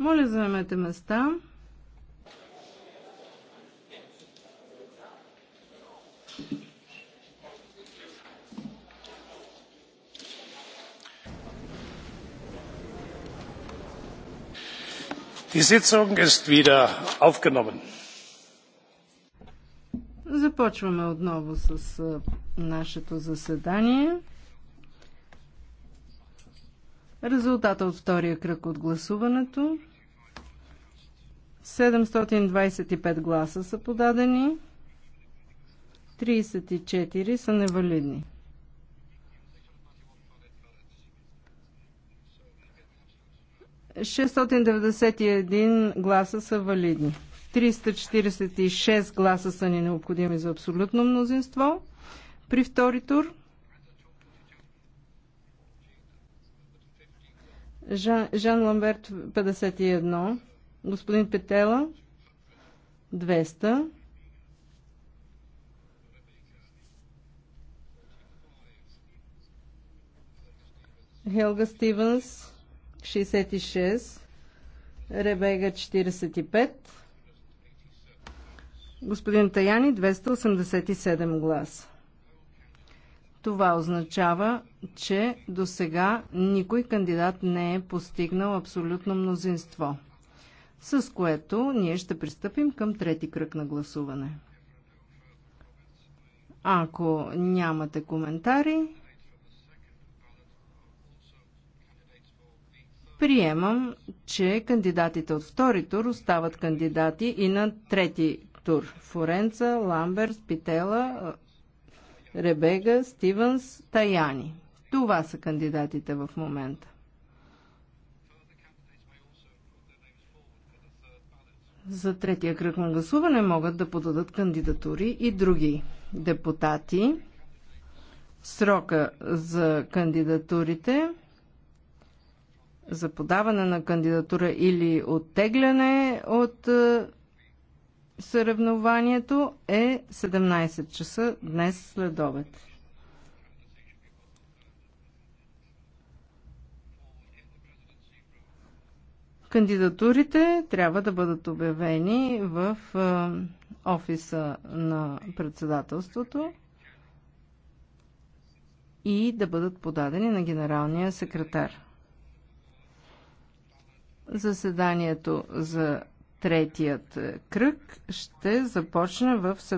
Моля, заемете места. Die Sitzung ist wieder aufgenommen. Започваме отново с нашето заседание. Резултата от втория кръг от гласуването. 725 гласа са подадени, 34 са невалидни. ...691 гласа са валидни. 346 гласа са ни необходими за абсолютно мнозинство при втори тур. Жан, Жан Ламберт 51, господин Петела 200, Хелга Стивенс 66, Ребега 45, господин Таяни 287 гласа. Това означава, че до сега никой кандидат не е постигнал абсолютно мнозинство, с което ние ще пристъпим към трети кръг на гласуване. Ако нямате коментари, приемам, че кандидатите от втори тур остават кандидати и на трети тур. Форенца, ламберт, Питела, Ребега, Стивенс, Таяни. Това са кандидатите в момента. За третия кръг на гласуване могат да подадат кандидатури и други депутати. Срока за кандидатурите за подаване на кандидатура или оттегляне от е, Съревнованието е 17 часа днес след обед. Кандидатурите трябва да бъдат обявени в офиса на председателството и да бъдат подадени на генералния секретар. Заседанието за Третият е, кръг ще започне в съд.